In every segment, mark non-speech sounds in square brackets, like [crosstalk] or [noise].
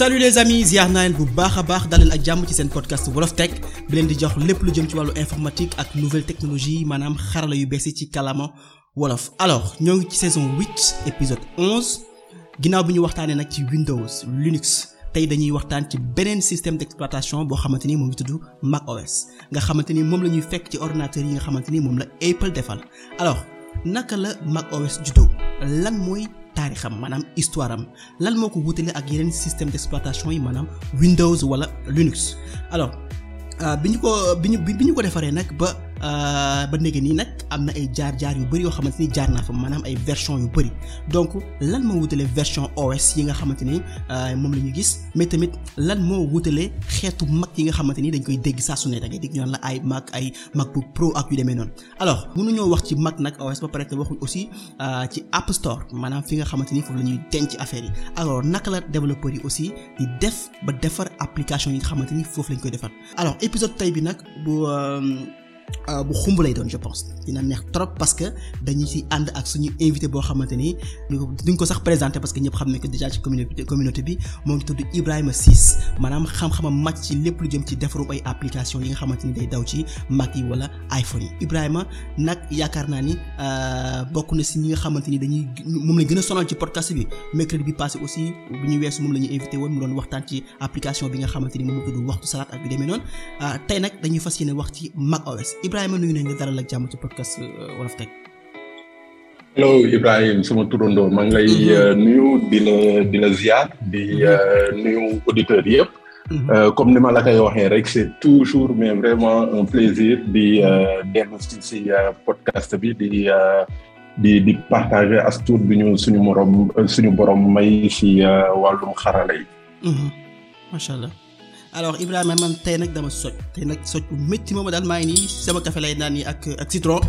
salut les amis ziar naa leen bu baax a baax daleen a jàmm ci seen podcast wolof tech bi leen di jox lépp lu jëm ci wàllu informatique ak nouvelle technologie maanaam xarala yu bees yi ci kàllaama wolof. alors ñoo ngi ci saison 8 épisode ginnaaw bi ñu waxtaanee nag ci Windows Linux. tey dañuy waxtaan ci beneen système d'exploitation boo xamante ni moo ngi tudd Mac OS nga xamante ni moom la ñuy fekk ci ordinateur yi nga xamante ni moom la Apple defal alors naka la Mac OS juddoo mooy taarixam maanaam histoire am lan moo ko wutale ak yeneen système d'exploitation yi maanaam Windows wala Linux alors euh, bi ñu ko bi ñu bi ñu ko defaree nag ba. Euh, ba léegi nii nag am na ay jaar-jaar yu bëri yoo xamante ni jaar naa fa maanaam ay version yu bëri donc lan moo wutale version OS yi nga xamante ni euh, moom la ñu gis mais tamit lan moo wutale xeetu mag yi nga xamante ni dañ koy dégg saa su ne da ngay dégg ñu naan ay Mac ay MacBook Pro ak yu demee noonu alors mënuñoo wax ci Mac nag OS ba pare te aussi euh, ci App maanaam fi nga xamante ni foofu la ñuy denc affaire yi alors naka la développeurs yi aussi di def ba defar application yi nga xamante ni foofu lañ koy defar alors épisode tey bi nag Euh, bu xumb lay doon je pense dina neex trop parce que dañu si ànd ak suñu invité boo xamante ni duñ ko sax présenté parce que ñëpp xam nañ ko déjà ci communauté communauté bi moo ngi tudd Ibrahima Ciss maanaam xam a màcc ci lépp lu jëm ci defarum ay application yi nga xamante ni day daw ci Mac yi wala iPhone yi a nag yaakaar naa ni euh, bokk na ci ñu nga xamante ni dañuy moom lañ gën a sonal ci podcast bi mercredi bi passé aussi bu ñu weesu moom la ñu invité woon mu ci application bi nga xamante ni moom la euh, nag dañuy fas yéene wax ci Mac Ibrahima nuyu nañ la dalal ak jàmm ci podcast euh, Wolof Tech. hello Ibrahima sama turandoo maa ngi lay mhm. euh, nuyu di la di la ziar di mhm. euh, nuyu auditeurs yëpp. Mhm. comme ni ma la koy waxee rek c'est toujours mais vraiment un plaisir di dellu si si podcast bi di di di partager as tuut bi ñu suñu morom suñu borom may si wàllum xarala yi. allah. alors Ibrahima man tey nag dama soj tey nag soj bu métti moom daal maa ngi nii sama kafe lay naan nii ak ak citron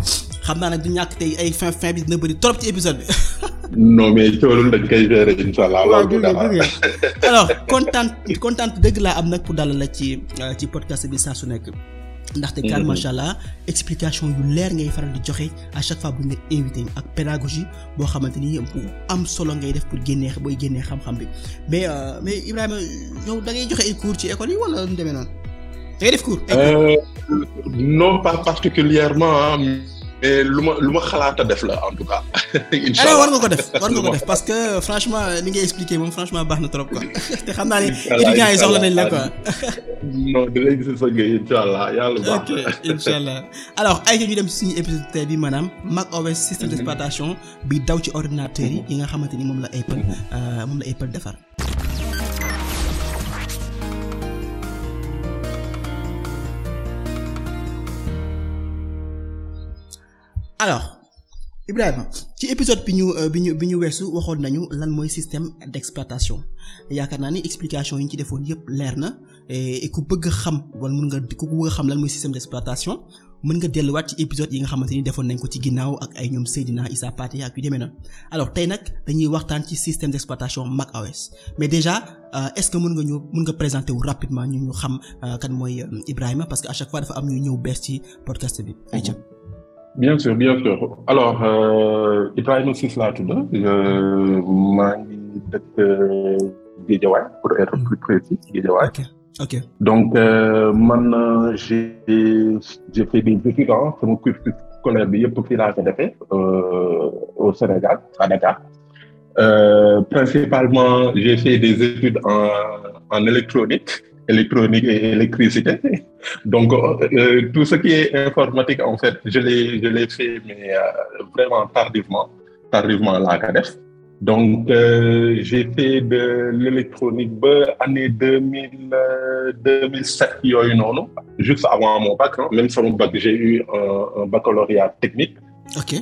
xam naa nag du ñàkk tey ay fin fin bi dina bëri trop ci épisode bi. [laughs] non mais coolul dañ koy gérer incha allah. loolu [laughs] alors kontaan kontaan dëgg laa am nag pour dalal la ci euh, ci podcast bi saa su nekk. ndaxte car mhm. macha allah explication yu leer ngay faral di joxe à chaque fois bu ñu la invité ak pédagogie boo xamante ni bu am solo ngay def pour génnee booy génnee xam-xam bi mais euh, mais Ibrahima yow da ngay joxe ay cours ci école yi wala nu demee noonu da ngay def cours. Euh, non pas particulièrement lu ma lu ma xalaata def la en tout cas. [laughs] incha eh, allah war nga ko def war nga ko [laughs] def parce que franchement li ngay expliquer moom franchement baax na trop quoi [laughs] te xam naa ne étudiants yi soxla nañ la quoi. non dinañ gis sa ngay alors ay ñu dem ci suñu épisode tey bi maanaam macOS système mhm. d'exploitation bi daw ci ordinateurs yi mhm. yi nga xamante ni moom la Apple mhm. euh, moom la Apple defar. alors Ibrahima ci épisode bi ñu euh, bi ñu bi ñu weesu waxoon nañu lan mooy système d'exploitation yaakaar naa ni explication yi ñu ci defoon yëpp leer na et ku bëgg xam wala mun nga ku bëgg xam lan mooy système d'exploitation mën nga delluwaat ci épisode yi nga xamante ni defoon nañ ko ci ginnaaw ak ay ñoom Seydina Issa Pathé ak yu demee tey nag dañuy waxtaan ci système d'exploitation macOS mais déjà euh, est-ce que mën nga ñëw mën nga présenter wu rapidement ñu ñu xam euh, kan mooy Ibrahima parce que à chaque fois dafa am ñu ñëw bees ci podcast bi. ayca. bien sûr bien sûr alors euh, Ibrahima Ciss laa tudd euh, maa ngi dëkk euh, pour être plus précis ok donc man j'ai j'ai fait des études ah yëpp fii laa ko defee Sénégal à Dakar principalement j'ai fait des études en en électronique et électricité. [laughs] Donc, euh, euh, tout ce qui est informatique, en fait, je l'ai, je fait, mais euh, vraiment tardivement, tardivement à la CADEF. Donc, euh, j'ai fait de l'électronique bah, année 2000, 2007, yoyu noonu, juste avant mon bac. Hein, même sur mon bac, technique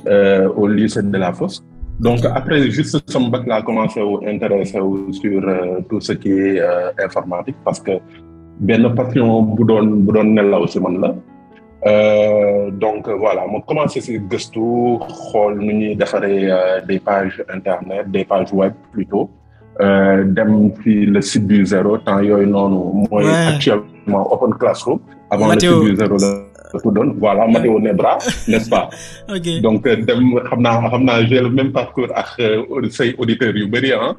euh, au lycée de la Fosse. Donc après, juste ce bac-là, commencé à m'intéresser sur parce que benn passion bu doon bu doon nelaw si man la euh, donc voilà ma commencé si gëstu xool nu ñuy defaree euh, des pages internet des pages web plutôt euh, dem fi le site du zéro temps yooyu noonu mooy actuellement Open Classroom avant le site du zéro la tuddoon voilà Mathéo Nebra n'est-ce pas [laughs] donc dem xam naa xam naa j'ai le même parcours ak say auditeurs yu bëri ah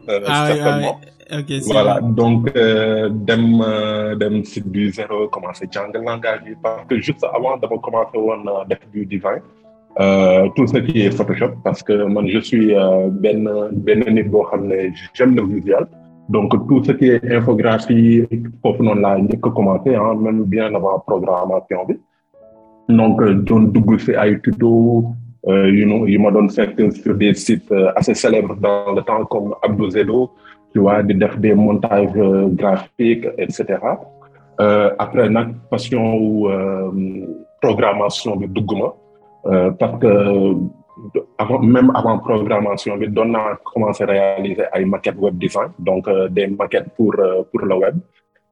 certainement ah ok voilà donc euh, dem euh, dem si du zéro commencé jàng langage bi parce que juste avant dama commencé woon euh, def du design euh, tout ce qui est Photoshop parce que man je suis benn benn nit boo xam ne j'aime le visuel donc tout ce qui est infographie foofu noonu laa njëkk commencé ah même bien avant programmation donc doon dugg si ay tuto yu nu yu ma doon fekk sur des sites assez célèbres dans le temps comme Abdou Zedo tu di def des montages euh, graphiques et cetera euh, après nag passion wu euh, programmation bi dugg ma parce que avant même avant programmation bi doon naa commencé réaliser ay maquettes web design donc des maquettes pour pour le web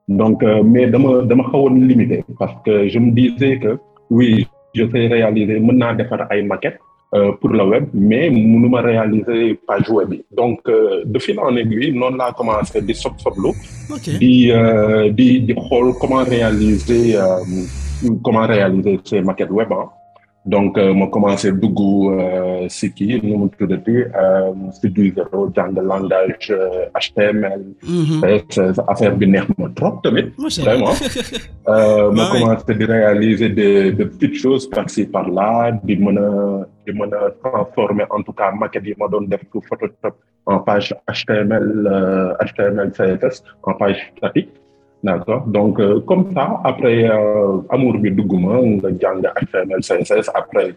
donc mais dama dama xawoon limité parce que je me disais que oui je sais réaliser mën naa defar ay maquettes Euh, pour le web mais mënuma réaliser page web bi donc euh, de fil en aiguille noonu laa commencé di sob soblu di euh, di di xool comment réaliser comment réaliser ces maquettes web ah donc euh, moo commencé dugg euh, si kii nu mu tuddati euh, si du zéro jàng langage HTML. Mhm. affaire bi neex moo trop tamit. vraiment [laughs] ma commencé di réaliser de petites choses par ci par là di mën a di en tout cas maquette yi ma doon def pour Photoshop en page HTML HTML CSS en page statique. d'accord donc euh, comme ça après euh, amour bi dugg ma nga jàng HTML CSS après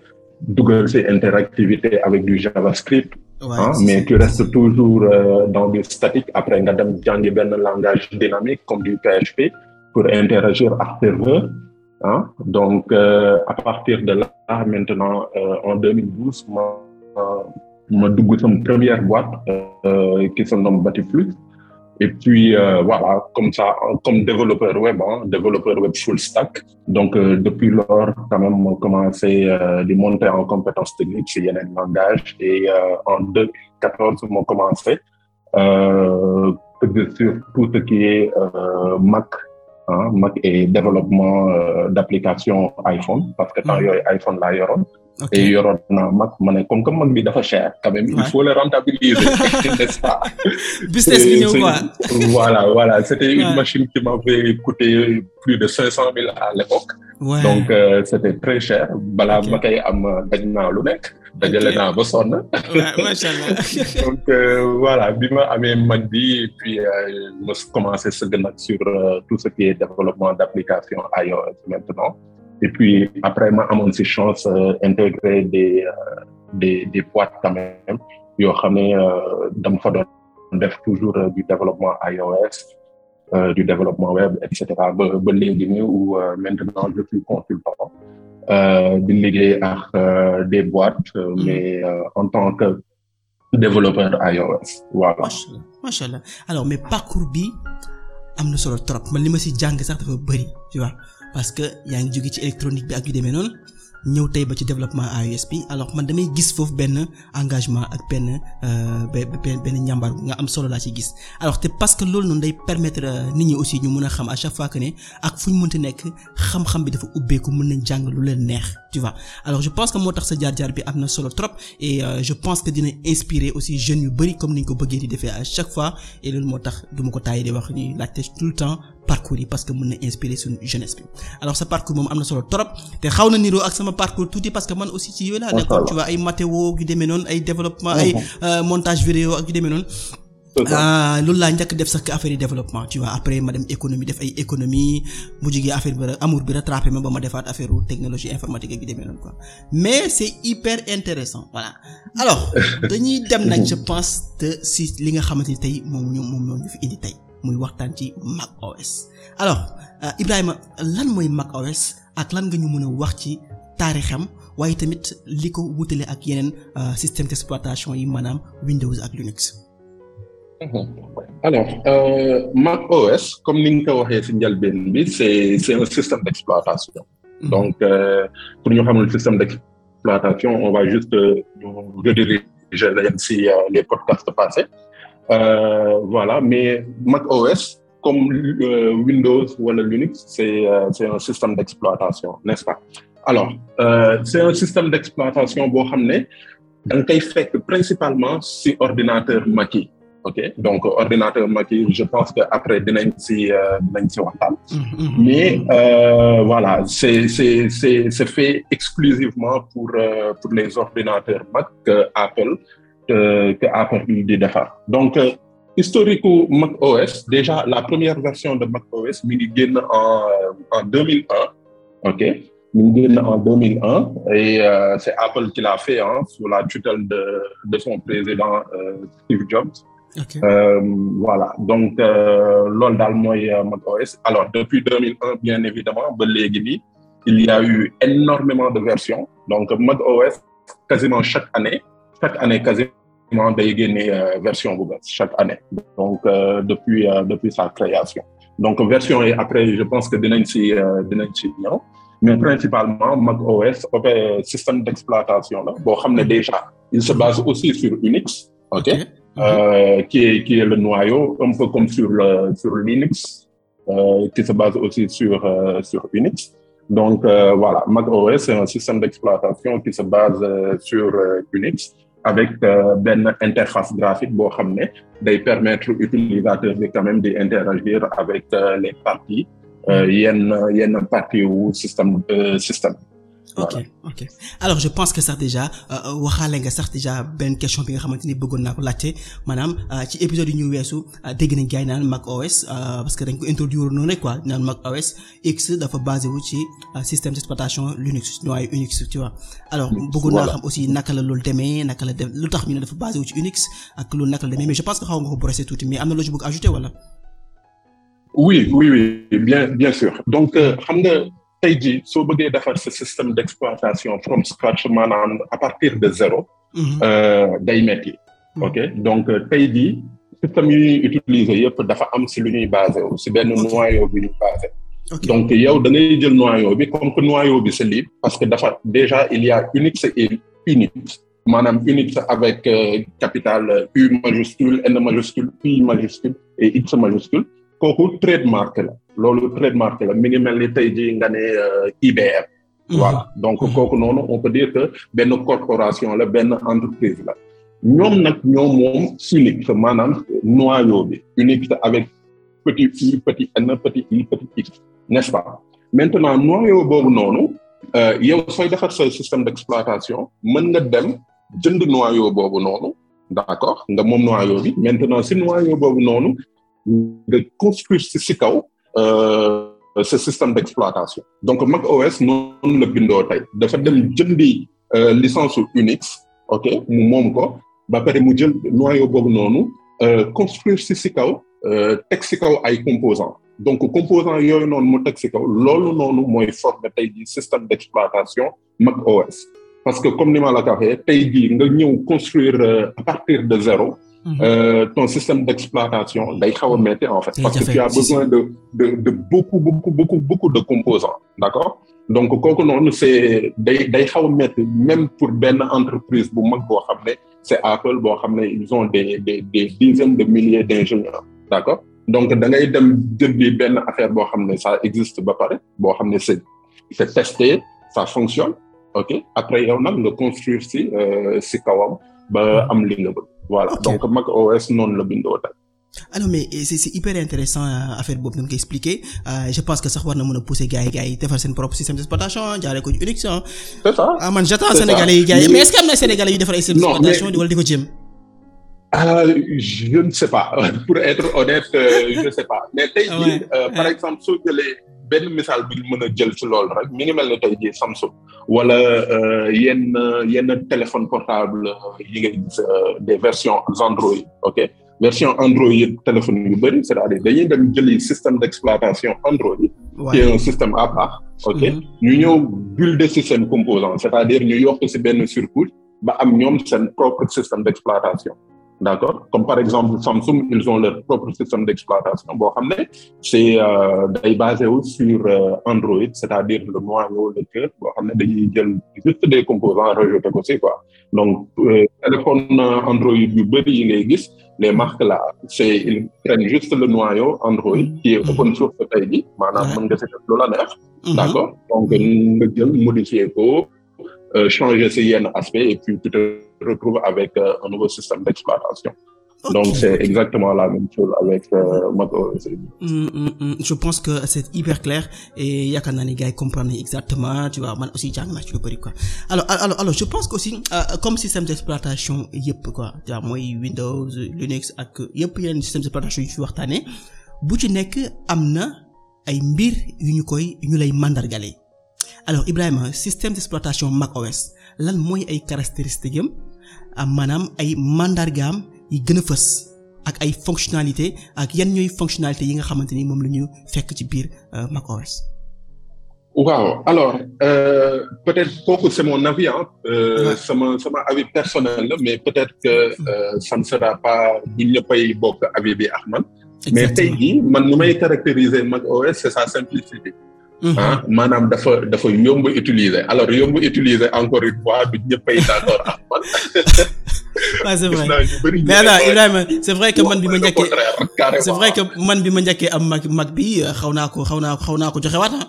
dugal ces interactivité avec du JavaScript Ouais, ah, mais tu restes toujours euh, dans du statique après nga dem jàngi benn langage dynamique comme du PHP pour interagir ak serveur ah donc euh, à partir de là maintenant euh, en 2012 ma ma dugg sama première boîte euh, qui se nomme Batiflux Et puis euh, voilà, comme ça, comme développeur web, hein, développeur web full stack. Donc euh, depuis lors, quand même, on commencé euh, de monter en compétences techniques chez Yenen Langage. Et euh, en 2014, on commencé euh, sur tout ce qui est euh, Mac, hein, Mac et développement d'applications iPhone, parce que tant mm -hmm. iPhone là, ok te yoroon naa mag ma ne comme que mag bi dafa cher. quand même il faut le rentabiliser [laughs] n'est-ce pas. business bi ñëw quoi. voilà voilà c'était une machine qui m'avait coûté plus de cinq cent mille à l'époque. Ouais. donc euh, c'était très cher balaa ma koy am euh, daj naa lu nekk. dajale naa ba sonn. macha allah. [laughs] donc euh, voilà bi ma amee mag bi et puis euh, ma commencé sëgg nag sur euh, tout ce qui est développement d'application iOS maintenant. Et après, ma amoon si chance euh, intégrer des euh, des des boîtes yoo xam ne euh, dama fa doon def toujours du développement iOS. Euh, du développement web et cetera ba ba léegi nii où euh, maintenant je suis di liggéey ak des boîtes euh, mm. mais en tant que développeur iOS voilà. macha allah alors mais parcours bi am na solo trop man li ma si jàng sax dafa bëri tu vois. parce que yaa ngi jóge ci électronique bi ak yu demee noonu ñëw tey ba ci développement iOS bi alors man damay gis foofu benn engagement ak euh, benn benn njàmbaar nga am solo laa ci gis alors te parce que loolu noonu day permettre euh, nit ñi aussi ñu mën a xam à chaque fois que ne ak fu ñu mënti nekk xam-xam bi dafa ubbeeku mun nañ jàng lu leen neex tu vois alors je pense que moo tax sa jaar-jaar bi am na solo trop et euh, je pense que dina inspirer aussi jeunes yu bari comme ni ko bëggee di defee à fois et moo tax du ma ko tàyyi di wax ñuy laajte le temps parcours yi parce que mën na inspirer su jeunesse bi alors sa parcours moom am na solo trop te xaw na niroo ak sama parcours tuuti parce que man aussi ci yooyu laa nekkoon tu vois ay matéo yu ay développement mhm. euh, montage vidéo ak yu demee noonu ah, loolu laa njëkk def sax que développement tu vois après ma dem économie def ay économie mu jugee affaire bi amour bi rattrapé ma ba ma defaat affaire technologie informatique ak yu demee noonu quoi mais c'est hyper intéressant voilà alors [laughs] dañuy dem nag je mhm. pense te li nga xamante ni tey moom ñu moom fi indi tey muy waxtaan ci Mac OS alors euh, Ibrahima lan mooy Mac OS ak lan nga ñu mën a wax ci taarixam waaye tamit li ko wutale ak yeneen euh, système d'exploitation yi maanaam Windows ak Linux. Mhm. alors euh, Mac OS comme ni nga ko waxee ci njalbeen bi c'est c'est un système d'exploitation. Mhm. donc euh, pour ñu xamul système d'exploitation on va juste ñu euh, rediriger leen ci les Euh, voilà mais Mac OS comme euh, Windows wala Linux c'est euh, c'est un système d'exploitation n'est-ce pas alors c'est un système d'exploitation boo xam ne da nga fekk principalement si ordinateur Mac yi ok donc ordinateur Mac yi je pense que après dinañ si dinañ si waxtaan mm-hmm. mais euh, voilà c'est c'est c'est fait exclusivement pour les ordinateurs Mac que Apple que APR bi di defar donc euh, historique u Mac OS déjà la première version de Mac OS mi ngi génn en euh, en 2001 et euh, c'est Apple qui l'a fait hein, sous la tutelle de son président Steve Jobs voilà donc loolu daal mooy Mac OS alors depuis 2001 bien évidemment ba léegi il y a eu énormément de versions donc Mac OS quasiment chaque année chaque année quasiment moom day génne euh, version bu bees chaque année donc euh, depuis euh, depuis sa création donc version yi après je pense que dinañ ci euh, dinañ ci ñëw mais mhm. principalement macOS opé système d'exploitation la boo xam ne mhm. déjà il se base aussi sur Unix ok mm -hmm. euh, qui est qui est le noyau un peu comme sur sur Linux euh, qui se base aussi sur sur Unix donc voilà macOS c'est un système d'exploitation qui se base sur Unix avec euh, benn interface graphique boo xam ne day permettre utilisateur bi quand même di interagir avec euh, les parties euh, yenn yenn partie wu système système ok ok alors je pense que sax déjà euh, waxaale nga sax déjà benn question bi nga xamante ni bëggoon naa ko laajte maanaam euh, ci épisode yi ñu weesu euh, dégg nañ gars yi naan Mac OS parce que dañ ko introduire noonu rek quoi naan Mac OS X dafa basé wu ci système d'exploitation Linux waaye Unix tu vois. alors bëggoon naa xam naka la loolu demee naka la dem lu tax ñu dafa basé ci Unix ak loolu naka la demee mais je pense que xaw nga ko brosser tuuti mais am na loo ci bëgg ajouter wala. oui oui tey jii soo bëggee defar sa système d'exploitation from scratch maanaam à partir de zéro. Mhm. Euh, day metti mhm. ok donc euh, tey jii système yi ñuy utiliser yëpp dafa am si lu ñuy basé si benn noyau bi ñu basé. donc yow da ngay jël noyau bi comme que noyau bi c'est libre. parce que dafa déjà il y a Unix et Unix. maanaam Unix avec euh, capital euh, U majuscule N majuscule I majuscule et X majuscule. kooku trademark la loolu trademark la mi ngi mel ni tey jii nga ne euh, IBM. Mm-hmm. voilà donc mm-hmm. kooku noonu on peut benn corporation la benn entreprise la ñoom nag ñoom moom unique maanaam noyau bi unique avec petit i petit i petit x nest pas maintenant noyau boobu noonu euh, yow sooy defar say système d'exploitation mën nga dem jënd noyau boobu noonu d'accord nga moom noyau bi maintenant si noyau boobu noonu nga construire si si kaw euh, ce système d'exploitation donc Mac OS noonu la bindoo tey dafa dem jëndi euh, licence su Unix ok mu moom ko ba pare mu jël noyau boobu noonu euh, construire si si kaw teg si kaw ay composants donc composants yooyu noonu mu teg si kaw loolu noonu mooy former tey jii système d'exploitation Mac OS parce que comme ni ma la ko tey jii nga ñëw construire à partir de zéro Mhm. Euh, ton système d'exploitation day xaw a métti mhm. en fait. parce que tu as besoin de de de beaucoup beaucoup beaucoup beaucoup de composants d'accord donc kooku noonu c'est day day xaw a métti même pour benn entreprise bu mag boo xam ne c'est Apple boo xam ne ils ont des des des dizaines de milliers d'ingénieurs d'accord donc da ngay dem jëndi benn affaire boo xam ne sa existe ba pare boo xam ne se c'est testé ça fonctionne ok après yow nag nga construire si euh, si kawam ba am li nga bëgg. voilà okay. donc Mac OS noonu la bindoo daal. alors ah mais eh, c'est c'est hyper intéressant euh, affaire boobu nañ ko expliquer euh, je pense que sax war na mën a pousser gars yi defar seen propre système d'exploitation jaaree ko Unix ah. c'est man j'attends Sénégalais yi gars mais est que am na Sénégalais yu defar ay système wala di ko jéem. Euh, je ne sais pas [laughs] pour être honnête je ne sais pas mais tey jii ah par exemple soo jëlee. benn misaal bi ñu mën a jël ci lool rek mi ngi mel ni tey jii Samsung wala euh, yenn yenn téléphone portable euh, yi ngay gis euh, des versions Android ok version Android téléphone yu bëri c'est-à-dire dañuy dem jëli système d'exploitation Android qui est un système à part ok mm-hmm. ñu ñëw builder de seen composant c'est-à-dire ñu yokk ci benn surcouche ba am ñoom seen propre système d'exploitation d'accord comme par exemple Samsung ils ont leur propre système d'exploitation boo xam ne c'est euh, day basé wu sur euh, Android c'est-à-dire le noyau le cœur xam ne dañuy jël juste des composants rejetés ko si quoi donc euh, téléphone Android yu bëri yi ngay gis les marques là c'est ils prennent juste le noyau Android qui est mm-hmm. open source tey jii maanaam mën nga si def lu la neex mm-hmm. d'accord donc nga jël modifier ko changer ces yenn aspects et puis tu te retrouves avec euh, un nouveau système d'exploitation. Okay. Donc c'est exactement la même chose avec euh, macOS. Euh, mm, mm, mm. je pense que c'est hyper clair et yaakaar naa ne gars yi comprendre nañu exactement tu vois man aussi jàng naa ci lu bari quoi. alors alors alors je pense que aussi euh, comme système d'exploitation yëpp quoi tu vois mooy Windows Linux ak yëpp yeneen système d'exploitation yu ñu fi waxtaanee bu ci nekk am na ay mbir yu ñu koy yu ñu lay mandargalee. alors Ibrahima système d'exploitation macOS lan mooy ay caractéristiques am ah, maanaam ay mandargaam yi gën a fës ak ay fonctionnalités ak yan ñooy fonctionnalités yi nga xamante ni moom la ñu fekk ci biir euh, macOS. waaw alors euh, peut-être kooku c'est mon avis ah. sama sama avis personnel la mais peut-être que euh, ça ne sera pas ñun ñëppay bokk avis bi ak man. mais tey jii man nu may caractériser macOS c'est sa simplicité. ah mm-hmm. maanaam dafa dafa yomb utiliser alors yomb utiliser encore une fois du ñëpp ay d'accord ak man. waaw [laughs] c'est vrai man bi ma njëkkee c'est vrai que man bi ma njëkkee am mag bi euh, xaw naa ko xaw naa xaw naa ko joxewaat ah.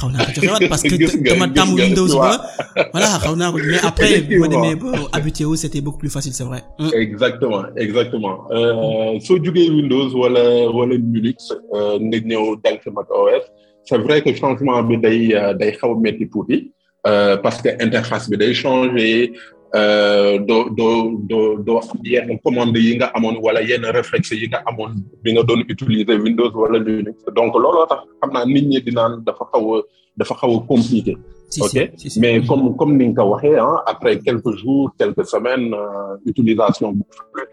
xaw naa ko joxewaat parce que [laughs] dama tàmm Windows ba [laughs] voilà xaw naa ko mais après bi ma demee ba habitué wu c'était beaucoup plus facile c'est vrai. Mm. exactement exactement euh, soo jugee Windows wala wala euh, nga ñëw dal ci Mac OS. c'est vrai que changement bi day euh, day xaw a métti tuuti Euh, parce que interface bi day changer euh, doo doo doo doo am yenn commande yi nga amoon wala yenn réflexe yi nga amoon bi nga doon utiliser Windows wala Linux donc looloo tax xam naa nit ñi di naan dafa xaw a dafa xaw a compliqué. Si, ok si, mais comme comme ni nga ko waxee ah après quelques jours quelques semaines euh, utilisation bu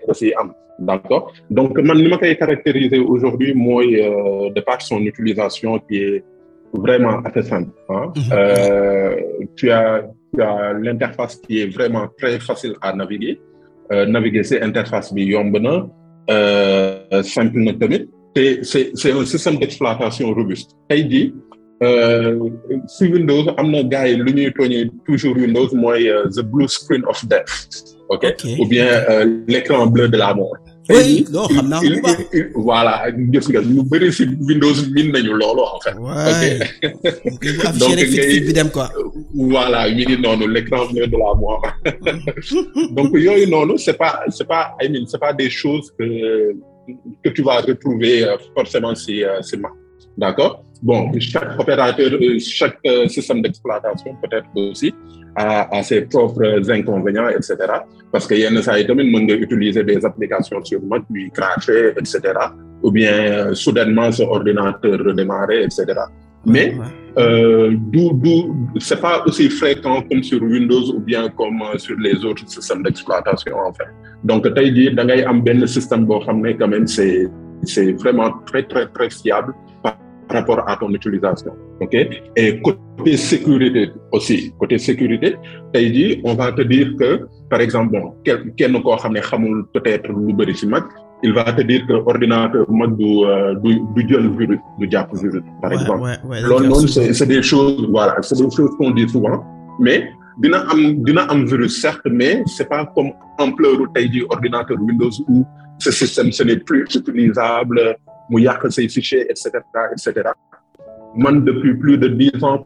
da siy am d'accord donc man ni ma koy caractériser aujourd'hui mooy euh, de par son utilisation qui vraiment assez simple. Hein? Mm tu as, l'interface qui est vraiment très facile à naviguer. Euh, naviguer, c'est interface bi yomb na euh, simple na tamit te c'est c'est un système d'exploitation robuste. tey jii euh, si Windows am na gars yi lu ñuy tooñee toujours Windows mooy the blue screen of death. ok, ou bien l'écran bleu de la mort. oui non xam naa lu baax voilà gis bëri si Windows min nañu loolu en fait. ok [laughs] donc ngay bi voilà mi ngi noonu [laughs] donc yooyu noonu c'est pas c'est pas I mean c'est des choses que que tu vas retrouver euh, forcément si euh, si Mac d'accord bon chaque opérateur euh, chaque système d'exploitation peut-être aussi. à, à ses propres inconvénients et cetera parce que yenn saa yi tamit mën nga utiliser des applications sur Mac muy cracher ou bien euh, soudainement son ordinateur redémarrer et cetera mais euh, du du c'est pas aussi fréquent comme sur Windows ou bien comme euh, sur les autres systèmes d'exploitation en fait donc tey jii da ngay am benn système boo xam ne quand même c'est c'est vraiment très très très fiable par rapport à ton utilisation ok et côté sécurité aussi côté sécurité tey jii on va te dire que par exemple bon kenn koo xam ne xamul peut-être bëri ci Mac il va te dire que ordinateur Mac du euh, du du jël virus du jàpp virus par ouais, exemple ouais, ouais, loolu noonu c'est des choses voilà c'est des choses qu'on dit souvent mais dina am dina am virus certes mais c'est pas comme ampleur u tey jii ordinateur Windows où ce système ce n'est plus utilisable mu yàq sey fichiers et cetera man depuis plus de dix ans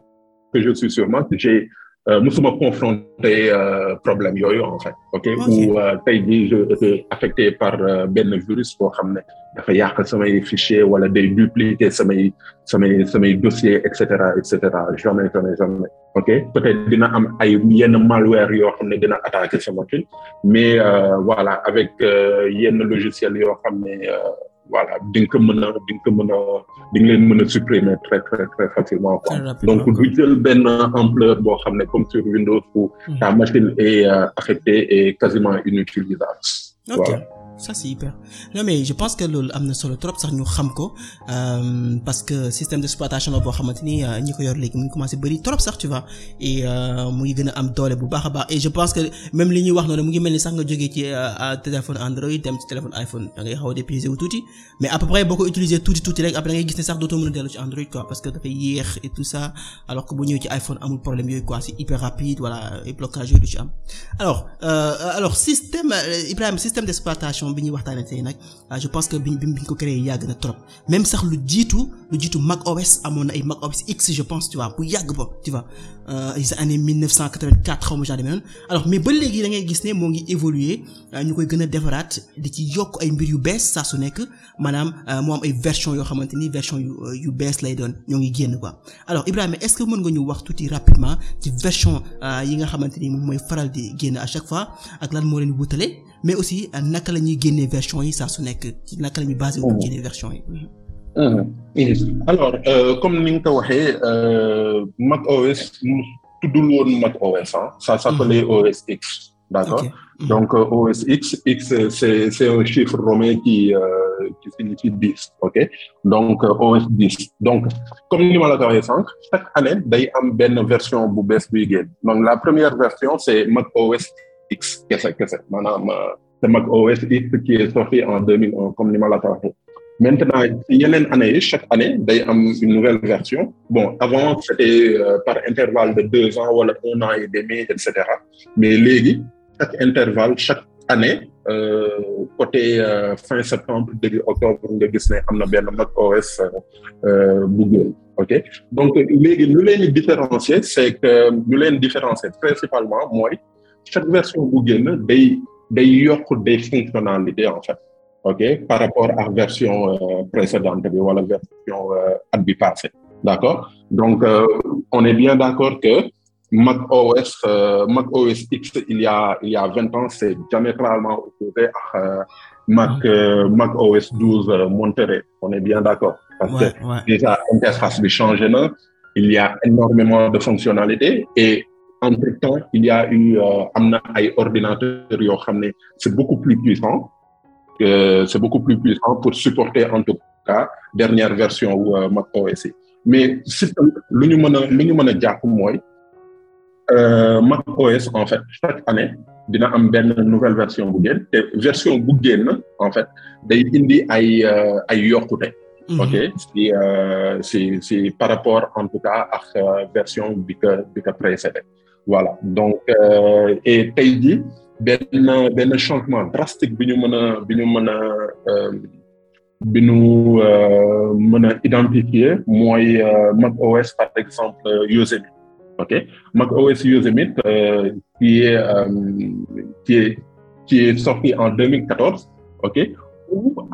que je suis sur Mac j'ai euh, musuma confronté euh, problème yooyu en fait ok ou euh, tey jii j'ai affecté par benn virus boo xam ne dafa yàq samay fichier wala day dupliquer samay samay samay dossier et cetera et cetera jamais jamais jamais ok peut-être dina am ay yenn malware yoo xam ne dina attaquer sama fil mais voilà avec yenn logiciel yoo xam ne voilà di nga ko mën a di nga ko mën a di leen mën a supprimer très très très facilement quoi donc du jël benn ampleur boo xam ne comme sur Windows où hmm. ta machine est euh, affectée et quasiment inutilisable voilà ça c'est hyper non mais je pense que loolu am na solo trop sax ñu xam ko euh, parce que système d'exploitation la boo xamante ni euh, ñi ko yor léegi mu ngi commencé bëri trop sax tu vois et euh, gën a am doole bu baax a baax et je pense que même li ñuy wax noonu mu ngi mel ni sax nga jógee ci téléphone Android dem téléphone iPhone da xaw a dépaysé tuuti mais à près boo ko utiliser tuuti tuuti rek après ngay gis ne sax dootoo mën a dellu ci Android parce bi ñuy waxtaanee tey nag ah, je pense que bi bi ñu ko créé yàgg na trop même sax lu jiitu lu jiitu Mac OS amoon na ay Mac OS X je pense tu vois bu yàgg ba tu vois euh, ay sa année 1984 xaw ma genre demee alors mais ba léegi da gis ne moo ngi évoluer ah, ñu koy gën defaraat di ci yokk ay mbir yu bees saa su nekk maanaam euh, moo ay version yoo xamante ni version yu euh, yu bees lay doon ñoo ngi génn quoi alors Ibrahima est-ce que mën nga ñu wax tuuti rapidement ci version ah, yi nga xamante ni moom mooy faral di génn à chaque fois ak lan moo leen wutale mais aussi euh, naka la ñuy génnee version yi saa su nekk naka la ñuy basé wu mhm. version yi. Mhm. Mhm. alors euh, comme ni nga ko waxee euh, Mac OS tuddul woon Mac OS ah. ça s'appelait OS X. d'accord donc euh, OS X X c'est c'est un chiffre romain qui euh, qui ok donc euh, donc comme ni ma la ko waxee sànq chaque année day am benn version bu bees buy génn donc la première version c'est Mac OS X kese kese maanaam te Mac OS X qui est en deux comme ni mala la ko waxee maintenant yeneen année yi chaque année day am une nouvelle version bon avant c'était euh, par intervalle de deux ans wala un an et demi mais léegi chaque intervalle chaque année euh, côté euh, fin septembre début octobre nga gis ne am na benn Mac OS euh, euh, bu gën ok donc léegi lu leen différencier c'est que euh, lu leen différencier principalement mooy chaque version bu génn day day yokk des fonctionnalités en fait ok par rapport à version euh, précédente bi euh, d'accord donc euh, on est bien d'accord que Mac OS Mac OS X il y a vingt ans c'est diamétralement opposé à Mac Mac OS 12 Monterey on est bien d'accord parce que déjà interface bi changé na il y a énormément de fonctionnalités et entre temps il y eu euh, am na ay ordinateurs yoo xam ne c'est beaucoup plus puissant que euh, c'est beaucoup plus puissant pour supporter en tout cas dernière version wu euh, Mac OS yi mais système lu ñu mën a lu ñu mën a jàpp mooy Mac OS en fait chaque année dina am benn nouvelle version bu génn te version bu génn en fait day indi ay ay yokkute. Mm-hmm. ok si si si par rapport en tout cas ak version bi ka bi ka précédé voilà donc euh, et tey jii benn benn changement drastique bi ñu mën a bi ñu mën a euh, bi ñu euh, mën a identifier mooy Mac OS par exemple Yosemite ok Mac OS Yosemite qui est qui est qui est sorti en 2014 ok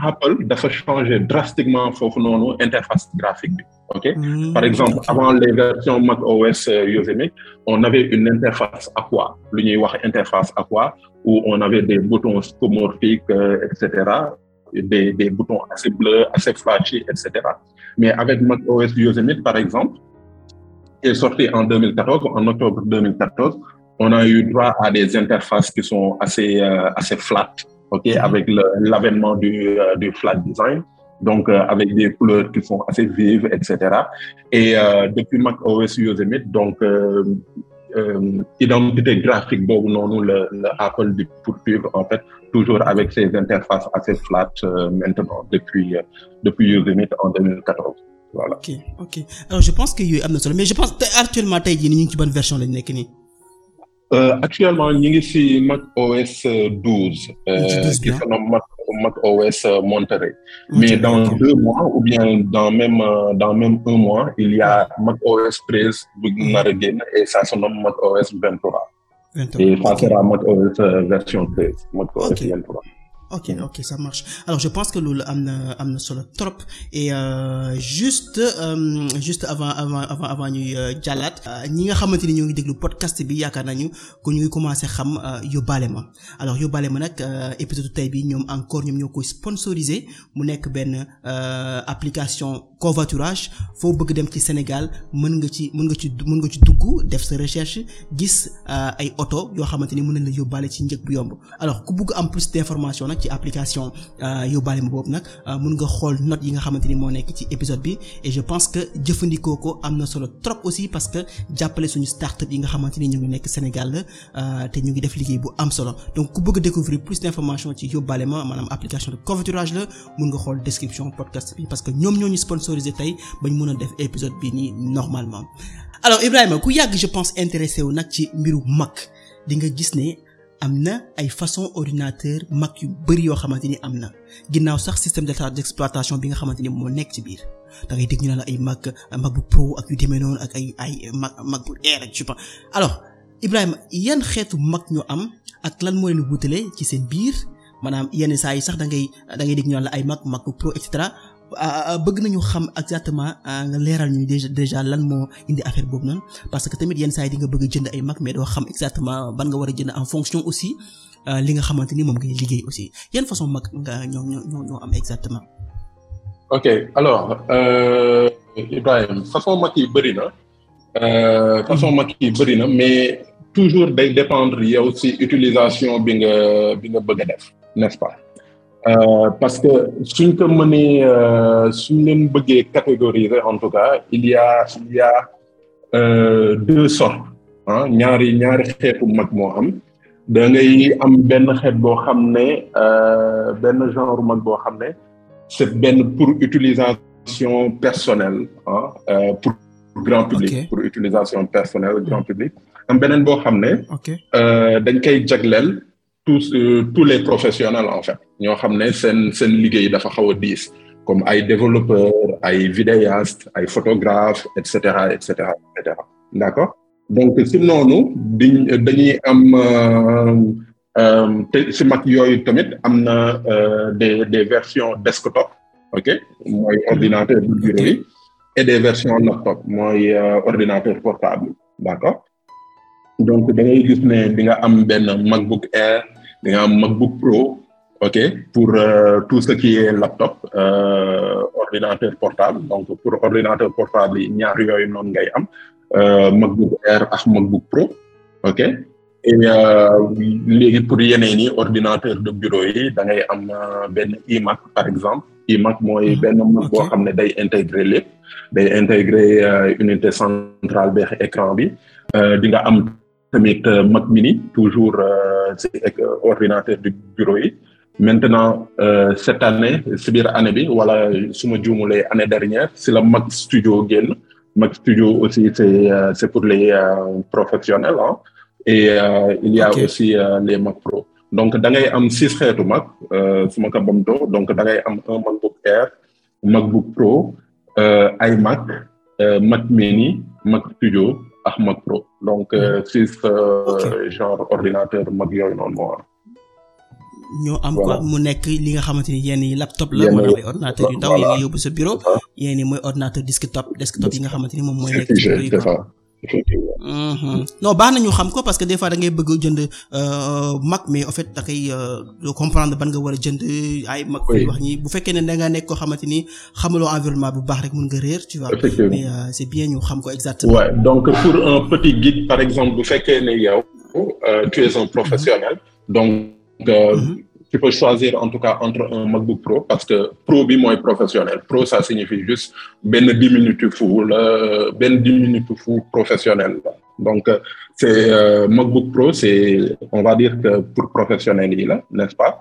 Apple dafa changer drastiquement foofu noonu interface graphique bi ok hmm. par exemple avant les versions Mac OS euh, Yosemite on avait une interface Aqua lu ñuy wax interface Aqua où on avait des boutons skeuomorphiques euh, et cetera des des boutons assez bleus assez flashy et cetera mais avec Mac OS Yosemite par exemple qui est sorti en 2014 en octobre 2014 on a eu droit à des interfaces qui sont assez, euh, assez mhm. avec l'avènement du, euh, du flat design. Donc, euh, avec des couleurs qui sont assez vives, etc. Et euh, depuis macOS Yosemite, donc, euh, euh, identité graphique, bon, non, le, le Apple dit poursuivre, en fait, toujours avec ses interfaces assez flat maintenant, depuis, depuis Yosemite en Voilà. Ok, Alors, je pense qu'il y a eu mais je pense actuellement, tu as une bonne version de Nekini. Euh, actuellement ñu ngi si Mac OS euh, douze. qui se nomme Mac Mac OS euh, Monterey. mais dans deux mois ou bien dans même dans même un mois il y a Mac OS treize bu mm. nar a génn et ça se nomme Mac OS vingt trois. et ça sera version treize. Mac OS ok ok ça marche alors je pense que loolu am na am na solo trop et euh, juste euh, avant avant avant avant ñuy euh, jàllaat euh, ñi nga xamante ni ñoo ngi déglu podcast bi yaakaar nañu ko ñu ngi commencé xam yóbbaale ma alors yóbbaale ma nag épisode tey bi ñoom encore ñoom ñoo koy sponsorisé mu nekk benn application. covoiturage foo bëgg dem ci Sénégal mën nga ci mën nga ci mën nga ci dugg def sa recherche gis euh, ay oto yoo xamante mën nañ la yóbbaale ci njëg bu yomb alors ku bëgg am plus d'information nag ci application euh, yóbbaale ma boobu nag euh, mën nga xool note yi nga xamante ni moo nekk ci épisode bi et je pense que jëfandikoo ko am na solo trop aussi parce que jàppale suñu start-up yi nga xamante ni ñu ngi nekk Sénégal la te ñu ngi def bu am solo donc ku bëgg découvrir plus d'information ci yóbbaale ma maanaam application de la mën nga xool description podcast bi parce que ñoom ñoo sponsoriser ba bañ mën a def épisode bi nii normalement alors Ibrahima ku yàgg je pense intéressé wu nag ci mbiru mag di nga gis ne am na ay façon ordinateur mag yu bëri yoo xamante ni am na ginnaaw sax système de d'exploitation bi nga xamante ni moo nekk ci biir da ngay dégg ñu ne la ay mag MacBook Pro ak yu demee noonu ak ay ay mag MacBook Air ak je alors Ibrahima yan xeetu mag ñu am ak lan moo leen wutale ci seen biir maanaam Pro et Euh, euh, bëgg nañu xam exactement euh, nga leeral ñu déjà déjà lan moo indi affaire boobu noonu parce que tamit yenn saa yi di nga bëgg jënd ay mag mais doo xam exactement ban nga war a jënd en fonction aussi li nga xamante ni moom ngay liggéey aussi yan façon mag nga ñoo ñoo ñoo am exactement. ok alors euh, Ibrahima façon mag yi bëri na. façon mhm. mag yi bëri na mais toujours day dépendre yow si utilisation bi nga bi bëgg a def n'est-ce pas. Euh, parce que suñ ko mënee euh, suñ leen bëggee catégoriser en tout cas il y a il y a euh, deux sortes ah ñaari ñaari xeetu mag moo am da am benn xeet boo xam ne benn genre mag boo xam ne c'est benn pour utilisation personnel ah pour grand public pour utilisation personnelle grand hmm. public am beneen boo xam ne dañ koy jagleel tous tous les professionnels en fait ñoo xam ne seen seen liggéey dafa xaw a diis comme ay développeur ay vidéaste ay photographe et cetera et cetera et cetera d'accord donc si noonu di dañuy am euh, euh, te si Mac yooyu tamit am na euh, des des versions desktop ok mooy hmm. ordinateur bu bureau yi et des versions laptop mooy ordinateur portable d'accord donc da ngay gis ne di nga am benn MacBook Air di am MacBook Pro OK pour euh, tout ce qui est laptop euh, ordinateur portable donc pour ordinateur portable yi ñaar yooyu noonu ngay am euh, MacBook Air ak MacBook Pro OK et euh, léegi pour yeneen yi ordinateur de bureau yi da ngay am euh, benn iMac par exemple iMac mooy ah, benn Mac xam ne day intégré lépp day intégré unité centrale beex écran bi di nga am tamit Mac mini toujours c'est ordinateur de bureau yi maintenant euh, cette année si biir année bi wala suma ma juumulee année dernière si la Mac Studio génn Mac Studio aussi c'est euh, c'est pour les euh, professionnels ah et euh, il y aussi euh, les Mac Pro donc da ngay am six xeetu Mac euh, su ma ko donc da ngay am un MacBook Air MacBook Pro iMac Mac Mini Mac Studio ak Mac Pro donc mm. six okay. genre ordinateur Mac yooyu noonu moo ñoo am quoi mu nekk li nga xamante ni yenn yi laptop la maanaam ay ordinateur yu ndaw yi nga yóbbu sa bureau yenn mooy ordinateur desktop desktop yi nga xamante ni moom mooy nekk ci mhm. na ñu xam ko parce que des fois da ngay bëgg jënd euh, Mac mais en fait da koy euh, comprendre ban nga war a jënd ay Mac yi wax ñi bu fekkee ne da nga nekk koo xamante ni xamuloo environnement bu baax rek mun nga réer ci vois mais euh, c'est bien ñu xam ko exactement ouais donc pour un petit guide par exemple bu fekkee ne yow tu es professionnel donc nga mhm. tu peux choisir en tout cas entre un MacBook Pro parce que pro bi mooy professionnel pro ça signifie juste benn diminutif la benn diminutif professionnel la donc c'est euh, MacBook Pro c'est on va dire que pour professionnel yi la n'est-ce pas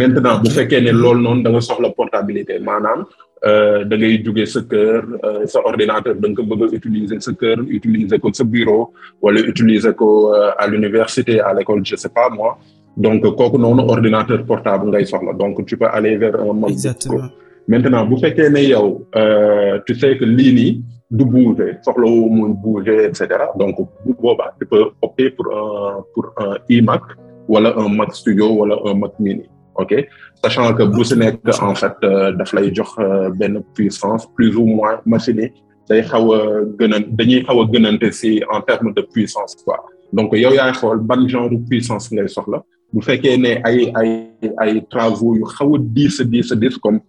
maintenant bu fekkee ne loolu noonu da soxla portabilité maanaam euh, da ngay jóge sa kër euh, sa ordinateur da nga ko bëgg utiliser sa kër utiliser ko sa bureau wala utiliser ko euh, à l'université à l'école je sais pas moi donc kooku noonu ordinateur portable ngay soxla donc tu peux aller vers un MacBook exactement maintenant bu fekkee ne yow euh, tu sais que lii nii du bouger soxla woo muy bouger et cetera donc bu boobaa tu peux opter pour un pour un wala un Mac Studio wala un Mac Mini ok sachant que bu si nekk en fait euh, daf lay jox euh, benn puissance plus ou moins machine yi day xaw a gën a dañuy xaw a gënante si en terme de puissance quoi donc yow yaay xool ban genre puissance ngay soxla bu fekkee ne ay ay ay travaux yu xaw a diis a diis a comme